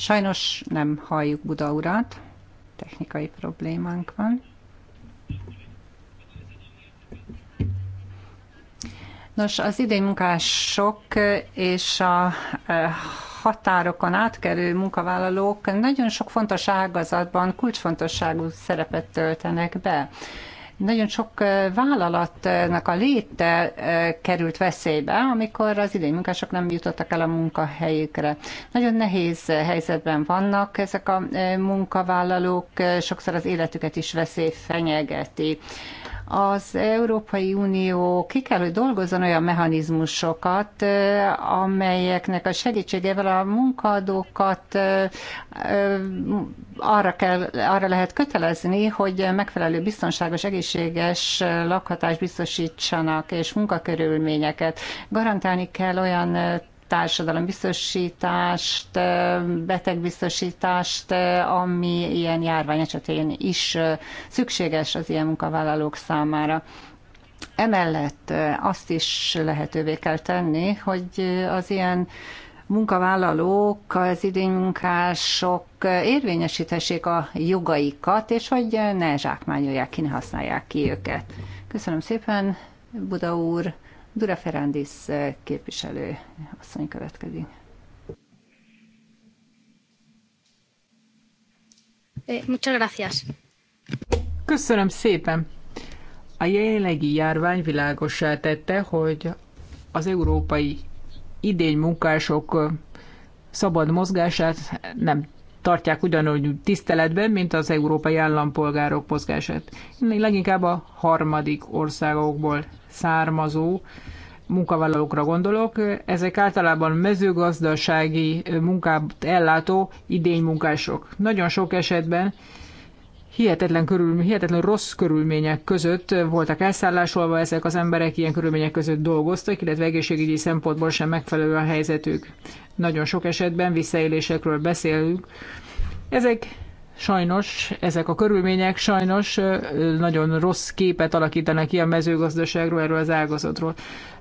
Sajnos nem halljuk Buda urat, technikai problémánk van. Nos, az idén munkások és a e, határokon átkerő munkavállalók nagyon sok fontos ágazatban kulcsfontosságú szerepet töltenek be. Nagyon sok vállalatnak a léte került veszélybe, amikor az idén munkások nem jutottak el a munkahelyükre. Nagyon nehéz helyzetben vannak ezek a munkavállalók, sokszor az életüket is veszély fenyegeti az Európai Unió ki kell, hogy dolgozzon olyan mechanizmusokat, amelyeknek a segítségével a munkadókat arra, kell, arra lehet kötelezni, hogy megfelelő biztonságos, egészséges lakhatást biztosítsanak és munkakörülményeket. Garantálni kell olyan biztosítást, betegbiztosítást, ami ilyen járvány esetén is szükséges az ilyen munkavállalók számára. Emellett azt is lehetővé kell tenni, hogy az ilyen munkavállalók, az idénymunkások érvényesíthessék a jogaikat, és hogy ne zsákmányolják ki, ne használják ki őket. Köszönöm szépen, Buda úr! Dura Ferrandis eh, képviselő asszony következik. Eh, muchas gracias. Köszönöm szépen! A jelenlegi járvány világosá tette, hogy az európai idény munkások eh, szabad mozgását nem tartják ugyanúgy tiszteletben, mint az európai állampolgárok mozgását. Leginkább a harmadik országokból származó munkavállalókra gondolok. Ezek általában mezőgazdasági munkát ellátó idénymunkások. Nagyon sok esetben hihetetlen, körül, hihetetlen rossz körülmények között voltak elszállásolva ezek az emberek, ilyen körülmények között dolgoztak, illetve egészségügyi szempontból sem megfelelő a helyzetük. Nagyon sok esetben visszaélésekről beszélünk. Ezek sajnos, ezek a körülmények sajnos nagyon rossz képet alakítanak ki a mezőgazdaságról, erről az ágazatról.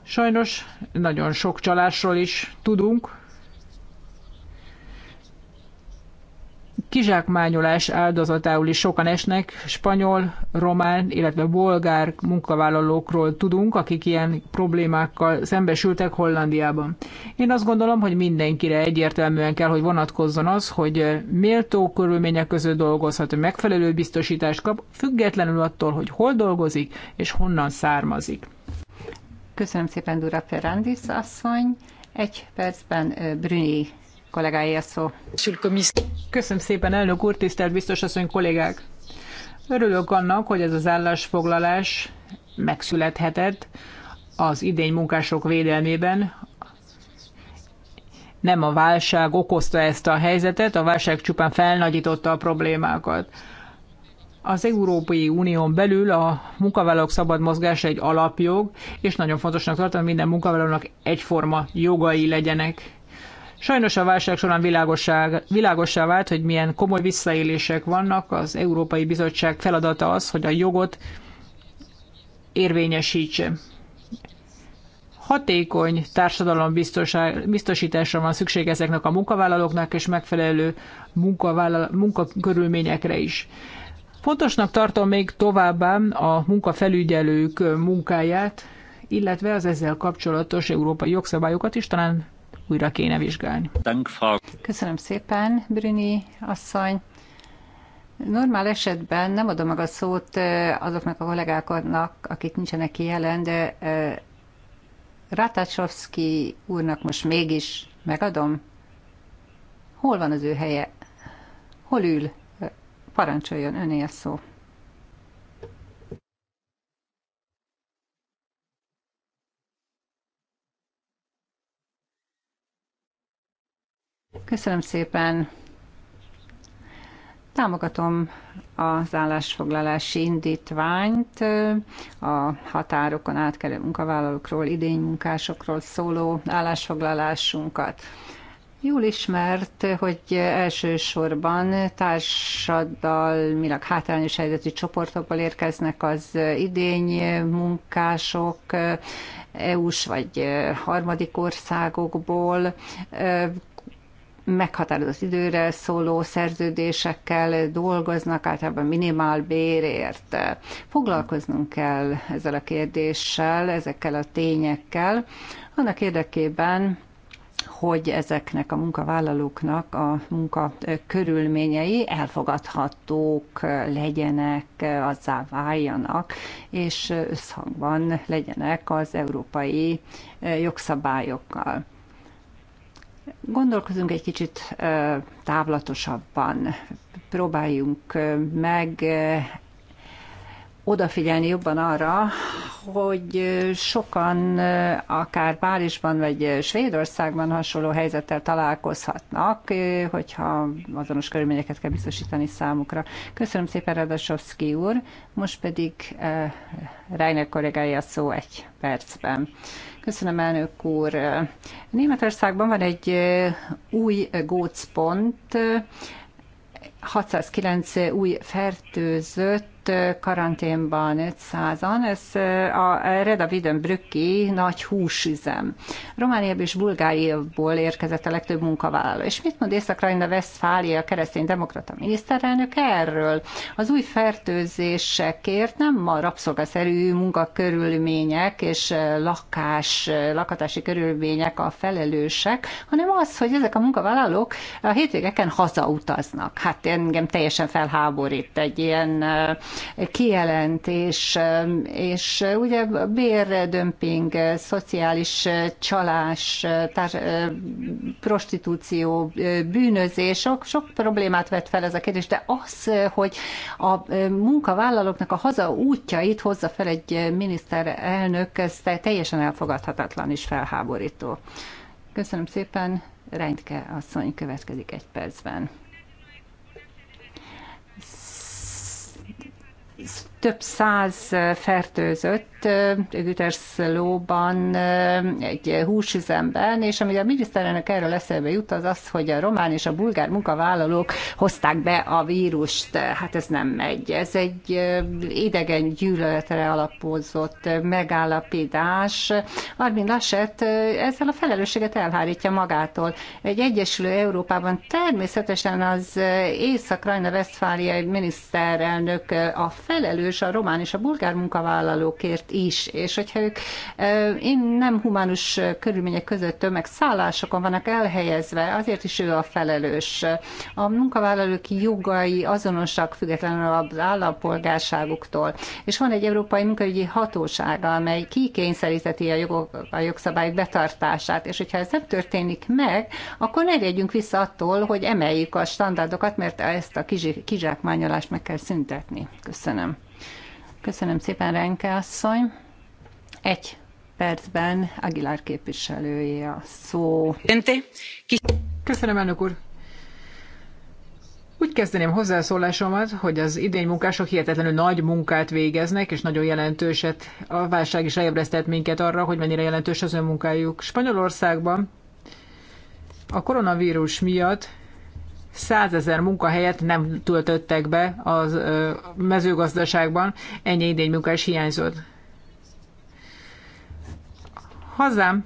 Sajnos nagyon sok csalásról is tudunk, kizsákmányolás áldozatául is sokan esnek, spanyol, román, illetve bolgár munkavállalókról tudunk, akik ilyen problémákkal szembesültek Hollandiában. Én azt gondolom, hogy mindenkire egyértelműen kell, hogy vonatkozzon az, hogy méltó körülmények között dolgozhat, hogy megfelelő biztosítást kap, függetlenül attól, hogy hol dolgozik és honnan származik. Köszönöm szépen, Dura Ferrandis asszony. Egy percben Brüni a szó. Köszönöm szépen, elnök úr, tisztelt biztos asszony kollégák! Örülök annak, hogy ez az állásfoglalás megszülethetett az idény munkások védelmében. Nem a válság okozta ezt a helyzetet, a válság csupán felnagyította a problémákat. Az Európai Unión belül a munkavállalók szabad mozgása egy alapjog, és nagyon fontosnak tartom, hogy minden munkavállalónak egyforma jogai legyenek Sajnos a válság során világosság, világossá vált, hogy milyen komoly visszaélések vannak. Az Európai Bizottság feladata az, hogy a jogot érvényesítse. Hatékony társadalom biztosításra van szükség ezeknek a munkavállalóknak, és megfelelő munkakörülményekre is. Fontosnak tartom még továbbá a munkafelügyelők munkáját, illetve az ezzel kapcsolatos európai jogszabályokat is, talán újra kéne vizsgálni. Köszönöm szépen, Brüni asszony. Normál esetben nem adom meg a szót azoknak a kollégáknak, akik nincsenek jelen, de Ratácsovszki úrnak most mégis megadom. Hol van az ő helye? Hol ül? Parancsoljon, öné a szó. Köszönöm szépen. Támogatom az állásfoglalási indítványt a határokon átkelő munkavállalókról, idénymunkásokról szóló állásfoglalásunkat. Jól ismert, hogy elsősorban társadalmilag hátrányos helyzetű csoportokból érkeznek az idény munkások, EU-s vagy harmadik országokból meghatározott időre szóló szerződésekkel dolgoznak, általában minimál bérért. Foglalkoznunk kell ezzel a kérdéssel, ezekkel a tényekkel, annak érdekében, hogy ezeknek a munkavállalóknak a munka körülményei elfogadhatók legyenek, azzá váljanak, és összhangban legyenek az európai jogszabályokkal gondolkozunk egy kicsit távlatosabban, próbáljunk meg odafigyelni jobban arra, hogy sokan akár Párizsban vagy Svédországban hasonló helyzettel találkozhatnak, hogyha azonos körülményeket kell biztosítani számukra. Köszönöm szépen, Radasovszki úr. Most pedig Reiner kollégája szó egy percben. Köszönöm, elnök úr. Németországban van egy új gócpont, 609 új fertőzött, karanténban 500-an, ez a Reda Vidönbrücki nagy húsüzem. Romániában és Bulgáriából érkezett a legtöbb munkavállaló. És mit mond Észak-Rajna Westfália keresztény demokrata miniszterelnök erről? Az új fertőzésekért nem a rabszolgaszerű munkakörülmények és lakás, lakatási körülmények a felelősek, hanem az, hogy ezek a munkavállalók a hétvégeken hazautaznak. Hát engem teljesen felháborít egy ilyen kijelentés, um, és uh, ugye bérdömping, uh, szociális uh, csalás, tár- prostitúció, bűnözés, sok, sok problémát vet fel ez a kérdés, de az, hogy a munkavállalóknak a haza útjait hozza fel egy miniszterelnök, ez teljesen elfogadhatatlan és felháborító. Köszönöm szépen, Reintke asszony következik egy percben. iz több száz fertőzött lóban, egy húsüzemben, és ami a miniszterelnök erről eszébe jut, az az, hogy a román és a bulgár munkavállalók hozták be a vírust. Hát ez nem megy. Ez egy idegen gyűlöletre alapozott megállapítás. Armin Laschet ezzel a felelősséget elhárítja magától. Egy egyesülő Európában természetesen az észak rajna vesztfáliai miniszterelnök a felelős felelős a román és a bulgár munkavállalókért is, és hogyha ők én nem humánus körülmények között tömegszállásokon vannak elhelyezve, azért is ő a felelős. A munkavállalók jogai azonosak függetlenül az állampolgárságuktól, és van egy európai munkaügyi hatósága, amely kikényszeríteti a, jogok, a jogszabályok betartását, és hogyha ez nem történik meg, akkor ne legyünk vissza attól, hogy emeljük a standardokat, mert ezt a kizsákmányolást meg kell szüntetni. Köszönöm. Köszönöm szépen, Renke asszony. Egy percben Aguilar képviselője a szó. Köszönöm, elnök úr. Úgy kezdeném hozzászólásomat, hogy az idény munkások hihetetlenül nagy munkát végeznek, és nagyon jelentőset. A válság is ráébresztett minket arra, hogy mennyire jelentős az önmunkájuk. Spanyolországban a koronavírus miatt százezer munkahelyet nem töltöttek be az mezőgazdaságban, ennyi idény munkás hiányzott. Hazám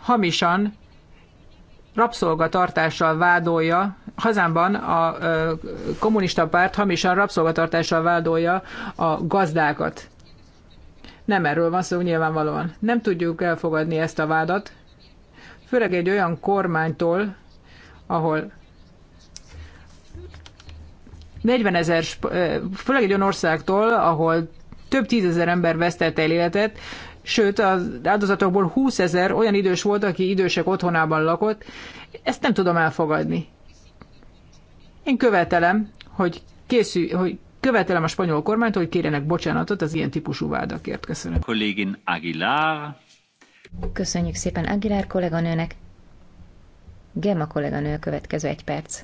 hamisan rabszolgatartással vádolja, hazámban a kommunista párt hamisan rabszolgatartással vádolja a gazdákat. Nem erről van szó nyilvánvalóan. Nem tudjuk elfogadni ezt a vádat, főleg egy olyan kormánytól, ahol 40 ezer, főleg egy olyan országtól, ahol több tízezer ember vesztett el életet, sőt az áldozatokból 20 ezer olyan idős volt, aki idősek otthonában lakott. Ezt nem tudom elfogadni. Én követelem, hogy készül, hogy követelem a spanyol kormányt, hogy kérjenek bocsánatot az ilyen típusú vádakért. Köszönöm. Kollégin Aguilar. Köszönjük szépen Aguilar kolléganőnek. Gemma kolléganő a következő egy perc.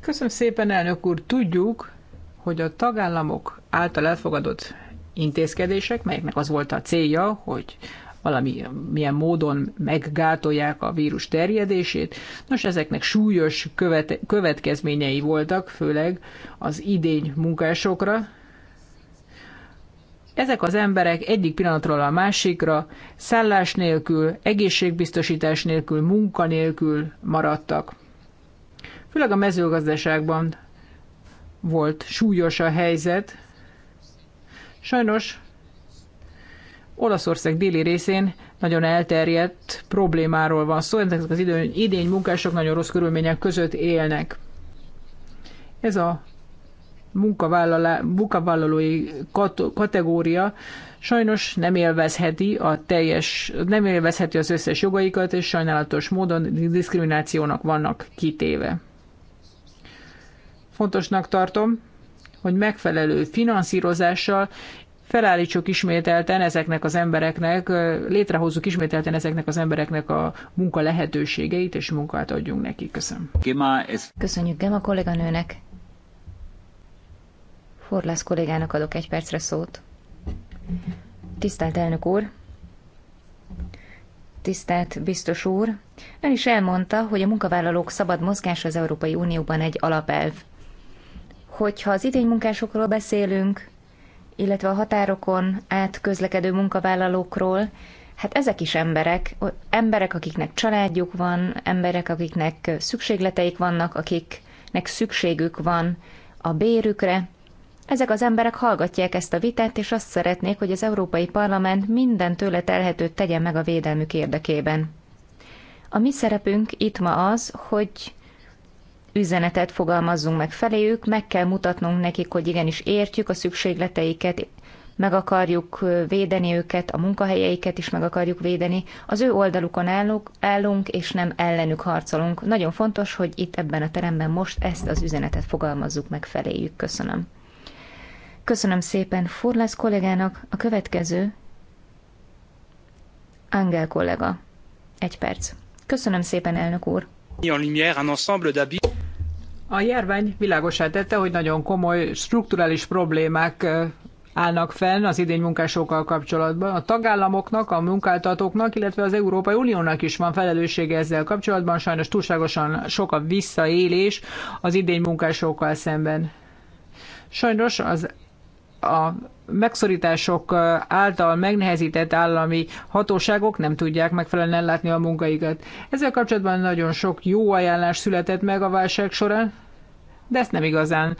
Köszönöm szépen, elnök úr. Tudjuk, hogy a tagállamok által elfogadott intézkedések, melyeknek az volt a célja, hogy valami milyen módon meggátolják a vírus terjedését. Nos, ezeknek súlyos követ, következményei voltak, főleg az idény munkásokra, ezek az emberek egyik pillanatról a másikra szállás nélkül, egészségbiztosítás nélkül, munka nélkül maradtak. Főleg a mezőgazdaságban volt súlyos a helyzet. Sajnos Olaszország déli részén nagyon elterjedt problémáról van szó, ezek az idény munkások nagyon rossz körülmények között élnek. Ez a munkavállalói kat- kategória sajnos nem élvezheti a teljes, nem élvezheti az összes jogaikat, és sajnálatos módon diszkriminációnak vannak kitéve. Fontosnak tartom, hogy megfelelő finanszírozással felállítsuk ismételten ezeknek az embereknek, létrehozzuk ismételten ezeknek az embereknek a munka lehetőségeit, és munkát adjunk nekik. Köszönöm. Köszönjük Gemma kolléganőnek. Forlász kollégának adok egy percre szót. Tisztelt elnök úr! Tisztelt biztos úr! Ön is elmondta, hogy a munkavállalók szabad mozgása az Európai Unióban egy alapelv. Hogyha az idény munkásokról beszélünk, illetve a határokon át közlekedő munkavállalókról, hát ezek is emberek, emberek, akiknek családjuk van, emberek, akiknek szükségleteik vannak, akiknek szükségük van a bérükre, ezek az emberek hallgatják ezt a vitát, és azt szeretnék, hogy az Európai Parlament minden tőle telhetőt tegyen meg a védelmük érdekében. A mi szerepünk itt ma az, hogy üzenetet fogalmazzunk meg feléjük, meg kell mutatnunk nekik, hogy igenis értjük a szükségleteiket, meg akarjuk védeni őket, a munkahelyeiket is meg akarjuk védeni. Az ő oldalukon állunk, állunk, és nem ellenük harcolunk. Nagyon fontos, hogy itt ebben a teremben most ezt az üzenetet fogalmazzuk meg feléjük. Köszönöm. Köszönöm szépen Forlász kollégának. A következő Angel kollega. Egy perc. Köszönöm szépen, elnök úr. A járvány világosá tette, hogy nagyon komoly strukturális problémák állnak fenn az idény munkásokkal kapcsolatban. A tagállamoknak, a munkáltatóknak, illetve az Európai Uniónak is van felelőssége ezzel kapcsolatban. Sajnos túlságosan sok a visszaélés az idény munkásokkal szemben. Sajnos az a megszorítások által megnehezített állami hatóságok nem tudják megfelelően ellátni a munkaikat. Ezzel kapcsolatban nagyon sok jó ajánlás született meg a válság során, de ezt nem igazán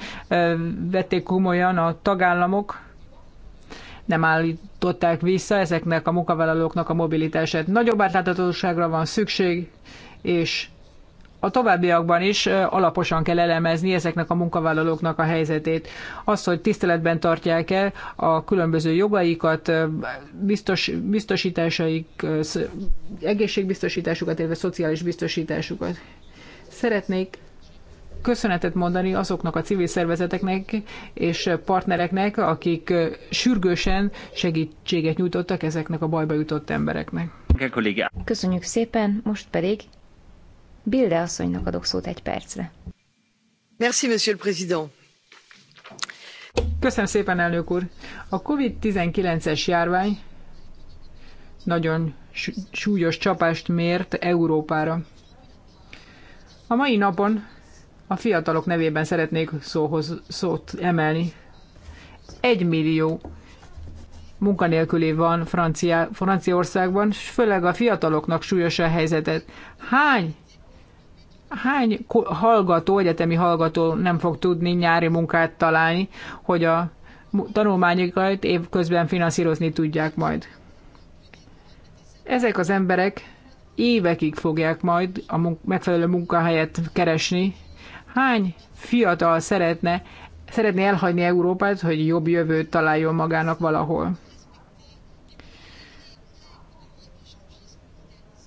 vették komolyan a tagállamok, nem állították vissza ezeknek a munkavállalóknak a mobilitását. Nagyobb átláthatóságra van szükség, és a továbbiakban is alaposan kell elemezni ezeknek a munkavállalóknak a helyzetét. Az, hogy tiszteletben tartják el a különböző jogaikat, biztos, biztosításaik, egészségbiztosításukat, illetve szociális biztosításukat. Szeretnék köszönetet mondani azoknak a civil szervezeteknek és partnereknek, akik sürgősen segítséget nyújtottak ezeknek a bajba jutott embereknek. Köszönjük szépen, most pedig Bilde asszonynak adok szót egy percre. Merci, monsieur le président. Köszönöm szépen, elnök úr. A COVID-19-es járvány nagyon súlyos csapást mért Európára. A mai napon a fiatalok nevében szeretnék szóhoz, szót emelni. Egy millió munkanélküli van Francia, Franciaországban, és főleg a fiataloknak súlyos a helyzetet. Hány hány hallgató, egyetemi hallgató nem fog tudni nyári munkát találni, hogy a tanulmányokat évközben finanszírozni tudják majd. Ezek az emberek évekig fogják majd a megfelelő munkahelyet keresni. Hány fiatal szeretne, szeretné elhagyni Európát, hogy jobb jövőt találjon magának valahol?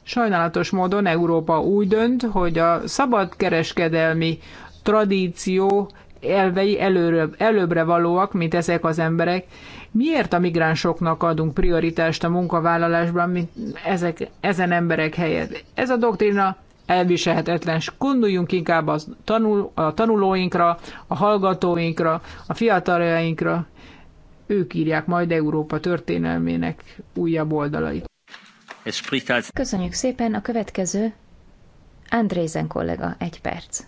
Sajnálatos módon Európa úgy dönt, hogy a szabadkereskedelmi tradíció elvei előre, előbbre valóak, mint ezek az emberek. Miért a migránsoknak adunk prioritást a munkavállalásban, mint ezek, ezen emberek helyett? Ez a doktrina elviselhetetlen. Gondoljunk inkább a, tanul, a tanulóinkra, a hallgatóinkra, a fiataljainkra. Ők írják majd Európa történelmének újabb oldalait. Köszönjük szépen, a következő Andrézen kollega, egy perc.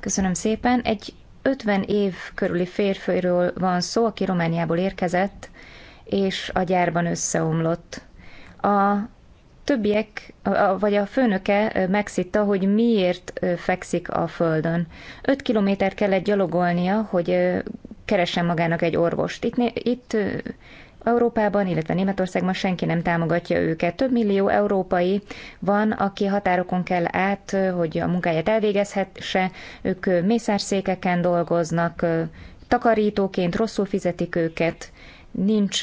Köszönöm szépen. Egy 50 év körüli férfőről van szó, aki Romániából érkezett, és a gyárban összeomlott. A többiek, vagy a főnöke megszitta, hogy miért fekszik a földön. 5 kilométer kellett gyalogolnia, hogy keressen magának egy orvost. Itt, itt Európában, illetve Németországban senki nem támogatja őket. Több millió európai van, aki határokon kell át, hogy a munkáját elvégezhesse, ők mészárszékeken dolgoznak, takarítóként rosszul fizetik őket, nincs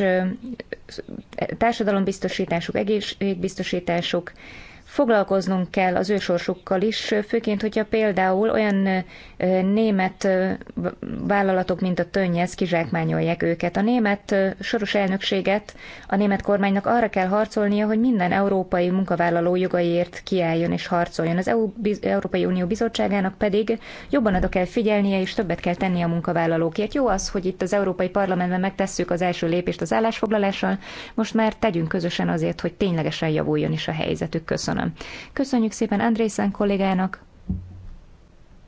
társadalombiztosításuk, egészségbiztosításuk, foglalkoznunk kell az ősorsukkal is, főként, hogyha például olyan német vállalatok, mint a Tönnyez kizsákmányolják őket. A német soros elnökséget a német kormánynak arra kell harcolnia, hogy minden európai munkavállaló jogaiért kiálljon és harcoljon. Az EU, Európai Unió Bizottságának pedig jobban oda kell figyelnie és többet kell tennie a munkavállalókért. Jó az, hogy itt az Európai Parlamentben megtesszük az első lépést az állásfoglalással, most már tegyünk közösen azért, hogy ténylegesen javuljon is a helyzetük. Köszönöm. Köszönöm. Köszönjük szépen Andrészen kollégának.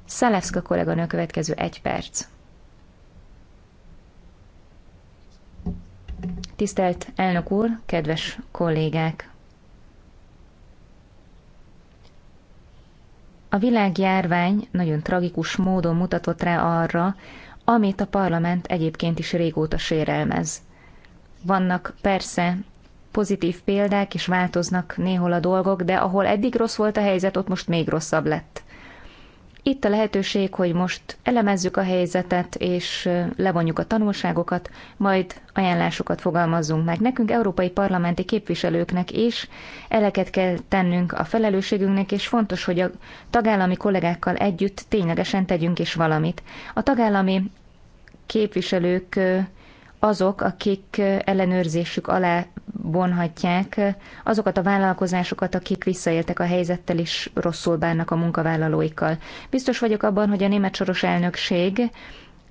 Szelevszka kolléganő következő egy perc. Tisztelt elnök úr, kedves kollégák! A világjárvány nagyon tragikus módon mutatott rá arra, amit a parlament egyébként is régóta sérelmez. Vannak persze pozitív példák, és változnak néhol a dolgok, de ahol eddig rossz volt a helyzet, ott most még rosszabb lett. Itt a lehetőség, hogy most elemezzük a helyzetet, és levonjuk a tanulságokat, majd ajánlásokat fogalmazzunk meg. Nekünk, európai parlamenti képviselőknek is eleket kell tennünk a felelősségünknek, és fontos, hogy a tagállami kollégákkal együtt ténylegesen tegyünk is valamit. A tagállami képviselők azok, akik ellenőrzésük alá vonhatják azokat a vállalkozásokat, akik visszaéltek a helyzettel és rosszul bánnak a munkavállalóikkal. Biztos vagyok abban, hogy a német soros elnökség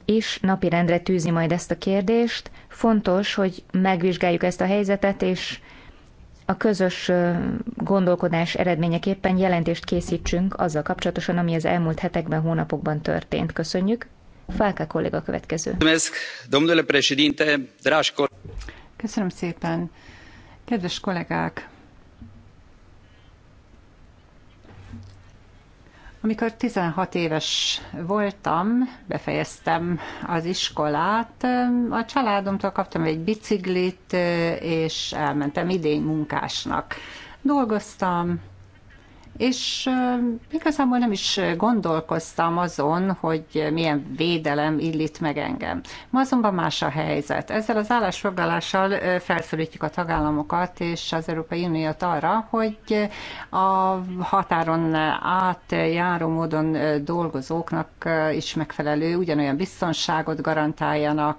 is napirendre tűzi majd ezt a kérdést. Fontos, hogy megvizsgáljuk ezt a helyzetet, és a közös gondolkodás eredményeképpen jelentést készítsünk azzal kapcsolatosan, ami az elmúlt hetekben, hónapokban történt. Köszönjük kolléga következő. Köszönöm szépen. Kedves kollégák, Amikor 16 éves voltam, befejeztem az iskolát, a családomtól kaptam egy biciklit, és elmentem idény munkásnak. Dolgoztam, és igazából nem is gondolkoztam azon, hogy milyen védelem illít meg engem. Ma azonban más a helyzet. Ezzel az állásfoglalással felszólítjuk a tagállamokat és az Európai Uniót arra, hogy a határon átjáró módon dolgozóknak is megfelelő ugyanolyan biztonságot garantáljanak,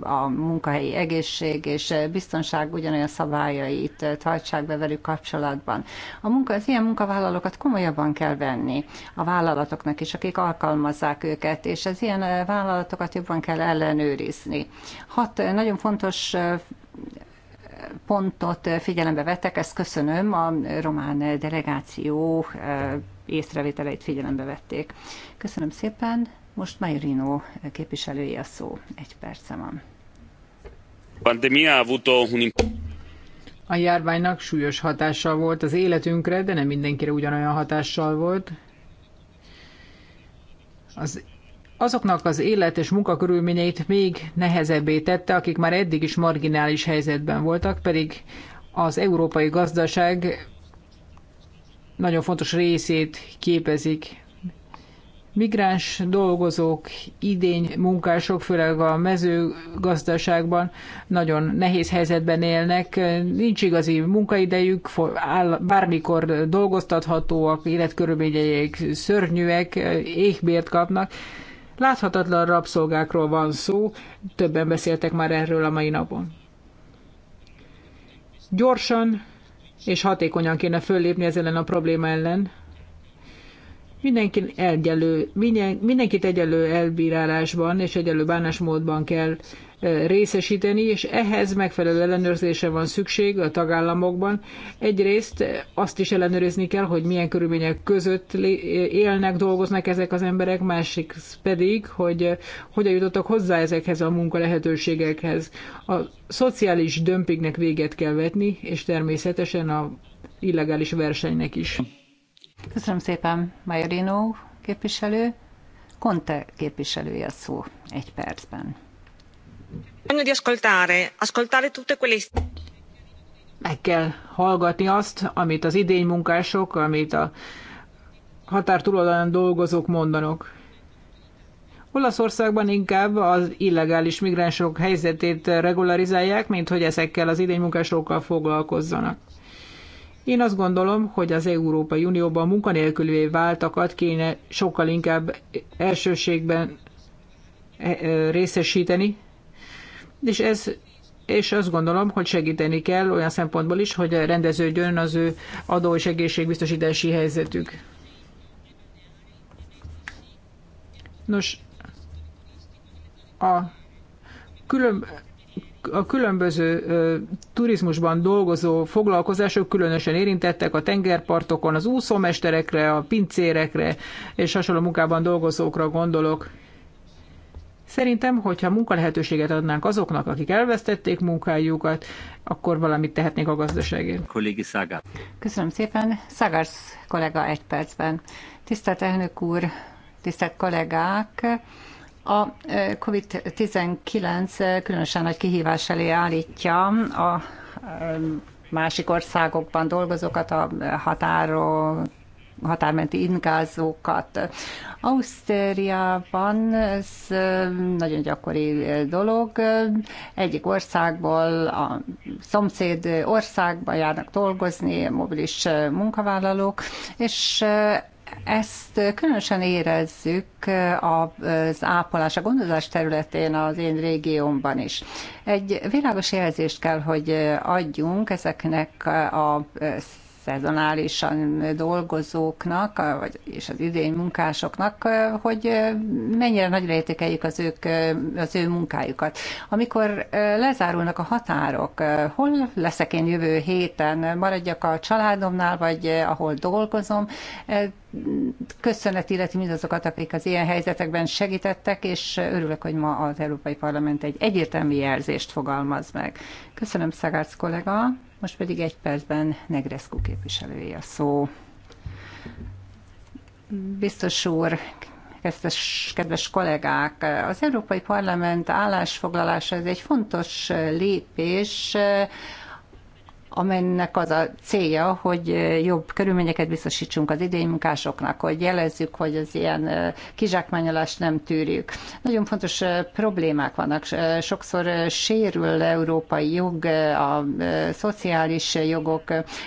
a munkahelyi egészség és biztonság ugyanolyan szabályait tartsák be velük kapcsolatban. A munka, az ilyen munkavállalók dolgokat komolyabban kell venni a vállalatoknak is, akik alkalmazzák őket, és az ilyen eh, vállalatokat jobban kell ellenőrizni. Hat eh, nagyon fontos eh, pontot figyelembe vettek, ezt köszönöm, a román delegáció észrevételeit figyelembe vették. Köszönöm szépen, most Majorino képviselője a szó, egy perce van. Pandemia ha avuto un a járványnak súlyos hatással volt az életünkre, de nem mindenkire ugyanolyan hatással volt. Az, azoknak az élet és munkakörülményeit még nehezebbé tette, akik már eddig is marginális helyzetben voltak, pedig az európai gazdaság nagyon fontos részét képezik migráns dolgozók, idény munkások, főleg a mezőgazdaságban nagyon nehéz helyzetben élnek, nincs igazi munkaidejük, bármikor dolgoztathatóak, életkörülményeik szörnyűek, éhbért kapnak. Láthatatlan rabszolgákról van szó, többen beszéltek már erről a mai napon. Gyorsan és hatékonyan kéne föllépni ezzel ellen a probléma ellen, Mindenki egyelő, minden, mindenkit egyelő elbírálásban és egyelő bánásmódban kell részesíteni, és ehhez megfelelő ellenőrzése van szükség a tagállamokban. Egyrészt azt is ellenőrizni kell, hogy milyen körülmények között élnek, dolgoznak ezek az emberek, másik pedig, hogy hogyan jutottak hozzá ezekhez a munkalehetőségekhez. A szociális dömpingnek véget kell vetni, és természetesen a illegális versenynek is. Köszönöm szépen, Majorino képviselő. Conte képviselője a szó egy percben. Meg kell hallgatni azt, amit az idény munkások, amit a határ túloldalán dolgozók mondanak. Olaszországban inkább az illegális migránsok helyzetét regularizálják, mint hogy ezekkel az idénymunkásokkal foglalkozzanak. Én azt gondolom, hogy az Európai Unióban munkanélkülvé váltakat kéne sokkal inkább elsőségben e, e, részesíteni, és ez és azt gondolom, hogy segíteni kell olyan szempontból is, hogy rendeződjön az ő adó és egészségbiztosítási helyzetük. Nos, a külön, a különböző turizmusban dolgozó foglalkozások különösen érintettek a tengerpartokon, az úszómesterekre, a pincérekre és hasonló munkában dolgozókra gondolok. Szerintem, hogyha munkalehetőséget adnánk azoknak, akik elvesztették munkájukat, akkor valamit tehetnék a gazdaságért. Kollégi Szágár. Köszönöm szépen. Szagarsz kollega egy percben. Tisztelt elnök úr, tisztelt kollégák! A COVID-19 különösen nagy kihívás elé állítja a másik országokban dolgozókat, a határon határmenti ingázókat. Ausztériában ez nagyon gyakori dolog. Egyik országból a szomszéd országba járnak dolgozni mobilis munkavállalók, és ezt különösen érezzük az ápolás, a gondozás területén az én régiómban is. Egy világos jelzést kell, hogy adjunk ezeknek a szezonálisan dolgozóknak, vagy, és az idény munkásoknak, hogy mennyire nagyra értékeljük az, ők, az ő munkájukat. Amikor lezárulnak a határok, hol leszek én jövő héten, maradjak a családomnál, vagy ahol dolgozom, köszönet illeti mindazokat, akik az ilyen helyzetekben segítettek, és örülök, hogy ma az Európai Parlament egy egyértelmű jelzést fogalmaz meg. Köszönöm, Szagács kollega! Most pedig egy percben Negreszkú képviselője a szó. Biztos úr, kedves, kedves kollégák, az Európai Parlament állásfoglalása ez egy fontos lépés Amennek az a célja, hogy jobb körülményeket biztosítsunk az idénymunkásoknak, hogy jelezzük, hogy az ilyen kizsákmányolást nem tűrjük. Nagyon fontos problémák vannak. Sokszor sérül európai jog, a szociális jogok.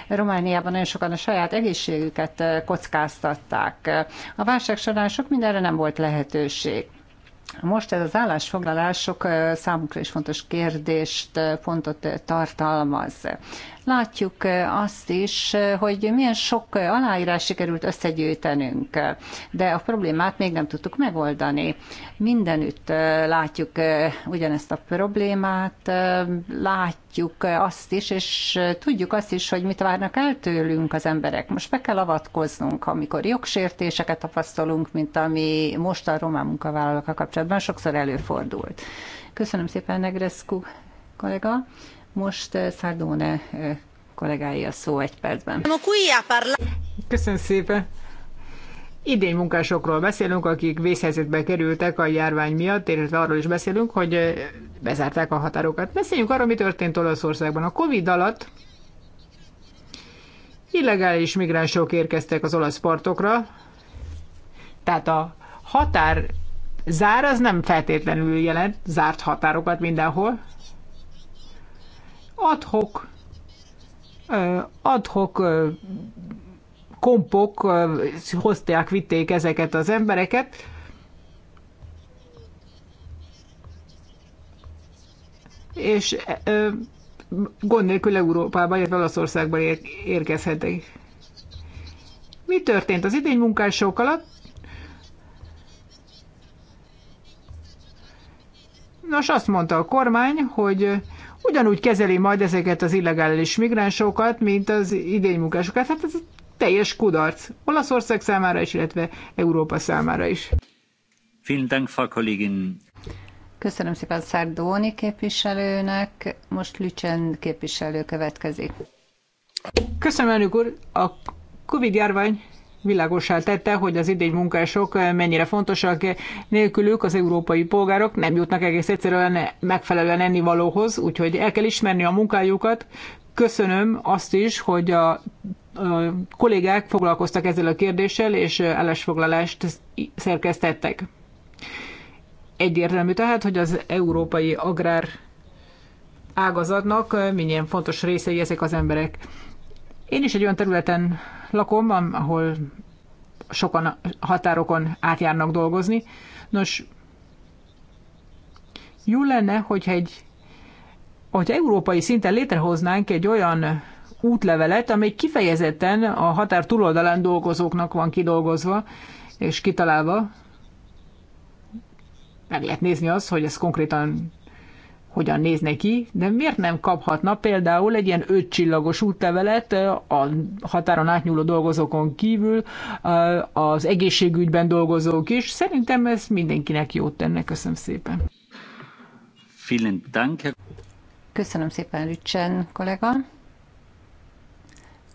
Romániában nagyon sokan a saját egészségüket kockáztatták. A válság során sok mindenre nem volt lehetőség. Most ez az állásfoglalások sok számunkra is fontos kérdést, pontot tartalmaz látjuk azt is, hogy milyen sok aláírás sikerült összegyűjtenünk, de a problémát még nem tudtuk megoldani. Mindenütt látjuk ugyanezt a problémát, látjuk azt is, és tudjuk azt is, hogy mit várnak el tőlünk az emberek. Most be kell avatkoznunk, amikor jogsértéseket tapasztalunk, mint ami most a román munkavállalókkal kapcsolatban sokszor előfordult. Köszönöm szépen, Negrescu kollega. Most eh, Szárdóne eh, kollégája szó egy percben. Köszönöm szépen! Idén munkásokról beszélünk, akik vészhelyzetbe kerültek a járvány miatt, illetve arról is beszélünk, hogy eh, bezárták a határokat. Beszéljünk arról, mi történt Olaszországban. A Covid alatt illegális migránsok érkeztek az olasz partokra, tehát a határ zár az nem feltétlenül jelent zárt határokat mindenhol adhok adhok kompok hozták, vitték ezeket az embereket. És gond nélkül Európába, vagy Olaszországba érkezhetek. Mi történt az idény munkások alatt? Nos, azt mondta a kormány, hogy ugyanúgy kezeli majd ezeket az illegális migránsokat, mint az idénymunkásokat. Hát ez teljes kudarc. Olaszország számára is, illetve Európa számára is. Köszönöm szépen Szárdóni képviselőnek, most Lücsen képviselő következik. Köszönöm, elnök úr! A Covid-járvány világosá tette, hogy az idény munkások mennyire fontosak, nélkülük az európai polgárok nem jutnak egész egyszerűen megfelelően ennivalóhoz, úgyhogy el kell ismerni a munkájukat. Köszönöm azt is, hogy a, a kollégák foglalkoztak ezzel a kérdéssel, és állásfoglalást szerkesztettek. Egyértelmű tehát, hogy az európai agrár ágazatnak milyen fontos részei ezek az emberek. Én is egy olyan területen lakom, ahol sokan határokon átjárnak dolgozni. Nos, jó lenne, hogyha egy hogy európai szinten létrehoznánk egy olyan útlevelet, amely kifejezetten a határ túloldalán dolgozóknak van kidolgozva és kitalálva. Meg lehet nézni azt, hogy ez konkrétan hogyan néznek ki, de miért nem kaphatna például egy ilyen ötcsillagos útlevelet a határon átnyúló dolgozókon kívül az egészségügyben dolgozók is. Szerintem ez mindenkinek jót tenne. Köszönöm szépen. Vielen Dank. Köszönöm szépen, Lücsen kollega.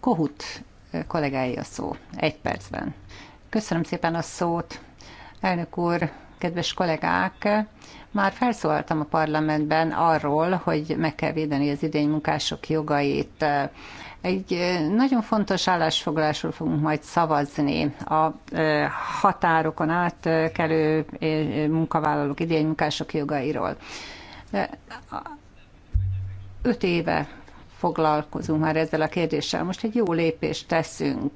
Kohut kollégái a szó. Egy percben. Köszönöm szépen a szót. Elnök úr, kedves kollégák, már felszólaltam a parlamentben arról, hogy meg kell védeni az idénymunkások jogait. Egy nagyon fontos állásfoglalásról fogunk majd szavazni a határokon átkelő munkavállalók, idénymunkások jogairól. Öt éve foglalkozunk már ezzel a kérdéssel. Most egy jó lépést teszünk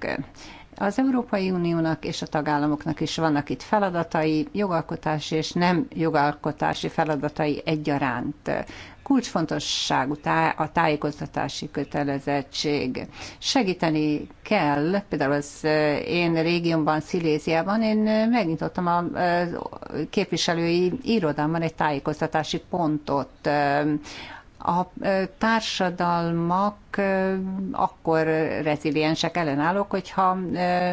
az Európai Uniónak és a tagállamoknak is vannak itt feladatai, jogalkotási és nem jogalkotási feladatai egyaránt. Kulcsfontosságú tá- a tájékoztatási kötelezettség. Segíteni kell, például az eh, én régiómban, Sziléziában, én eh, megnyitottam a eh, képviselői irodámban egy tájékoztatási pontot a társadalmak akkor reziliensek, ellenállók, hogyha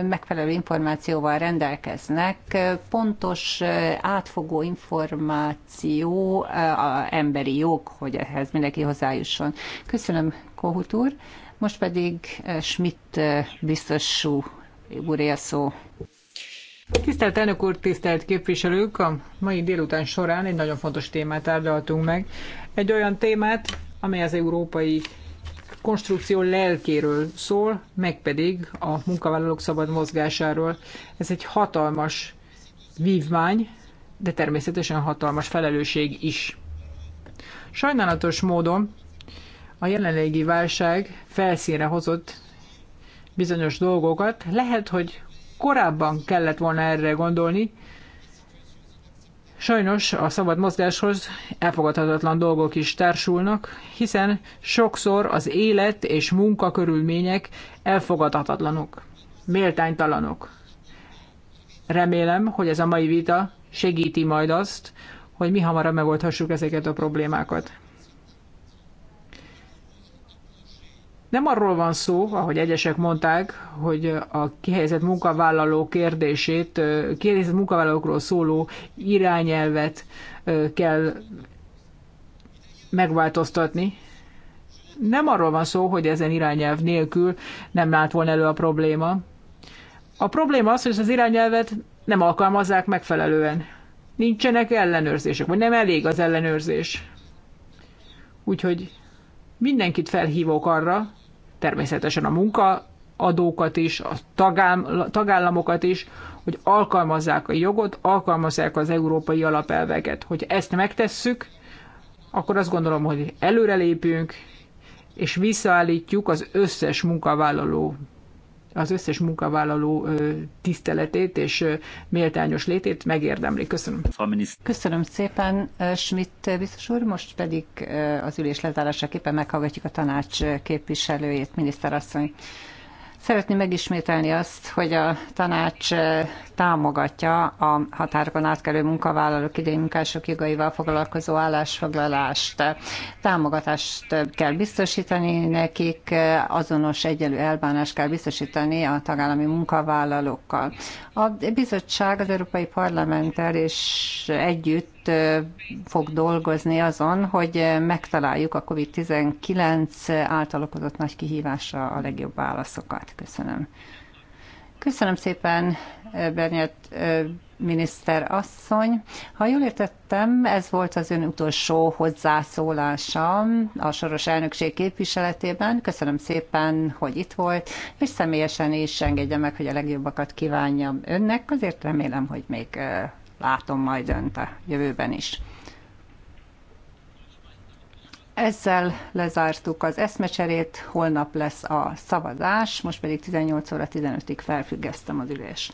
megfelelő információval rendelkeznek, pontos, átfogó információ a emberi jog, hogy ehhez mindenki hozzájusson. Köszönöm, Kohut úr. Most pedig Schmidt biztos úré a szó. Tisztelt elnök úr, tisztelt képviselők! A mai délután során egy nagyon fontos témát tárgyaltunk meg egy olyan témát, amely az európai konstrukció lelkéről szól, meg pedig a munkavállalók szabad mozgásáról. Ez egy hatalmas vívmány, de természetesen hatalmas felelősség is. Sajnálatos módon a jelenlegi válság felszínre hozott bizonyos dolgokat. Lehet, hogy korábban kellett volna erre gondolni, Sajnos a szabad mozgáshoz elfogadhatatlan dolgok is társulnak, hiszen sokszor az élet és munkakörülmények elfogadhatatlanok, méltánytalanok. Remélem, hogy ez a mai vita segíti majd azt, hogy mi hamarabb megoldhassuk ezeket a problémákat. Nem arról van szó, ahogy egyesek mondták, hogy a kihelyezett munkavállaló kérdését, kihelyezett munkavállalókról szóló irányelvet kell megváltoztatni. Nem arról van szó, hogy ezen irányelv nélkül nem lát volna elő a probléma. A probléma az, hogy az irányelvet nem alkalmazzák megfelelően. Nincsenek ellenőrzések, vagy nem elég az ellenőrzés. Úgyhogy mindenkit felhívok arra, természetesen a munkaadókat is, a tagállamokat is, hogy alkalmazzák a jogot, alkalmazzák az európai alapelveket. Hogy ezt megtesszük, akkor azt gondolom, hogy előrelépünk, és visszaállítjuk az összes munkavállaló az összes munkavállaló tiszteletét és méltányos létét megérdemli. Köszönöm. Köszönöm szépen, Schmidt biztos úr. Most pedig az ülés lezárásaképpen meghallgatjuk a tanács képviselőjét, miniszterasszony. Szeretném megismételni azt, hogy a tanács eh, támogatja a határokon átkelő munkavállalók munkások jogaival foglalkozó állásfoglalást. Támogatást eh, kell biztosítani nekik, eh, azonos egyenlő elbánást kell biztosítani a tagállami munkavállalókkal. A bizottság az Európai Parlamenttel és együtt együtt fog dolgozni azon, hogy megtaláljuk a COVID-19 által okozott nagy kihívásra a legjobb válaszokat. Köszönöm. Köszönöm szépen, Bernyett miniszter asszony. Ha jól értettem, ez volt az ön utolsó hozzászólása a soros elnökség képviseletében. Köszönöm szépen, hogy itt volt, és személyesen is engedje meg, hogy a legjobbakat kívánjam önnek. Azért remélem, hogy még látom majd önt a jövőben is. Ezzel lezártuk az eszmecserét, holnap lesz a szavazás, most pedig 18 óra 15-ig felfüggesztem az ülést.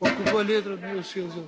Ocupa a letra do meu senhor.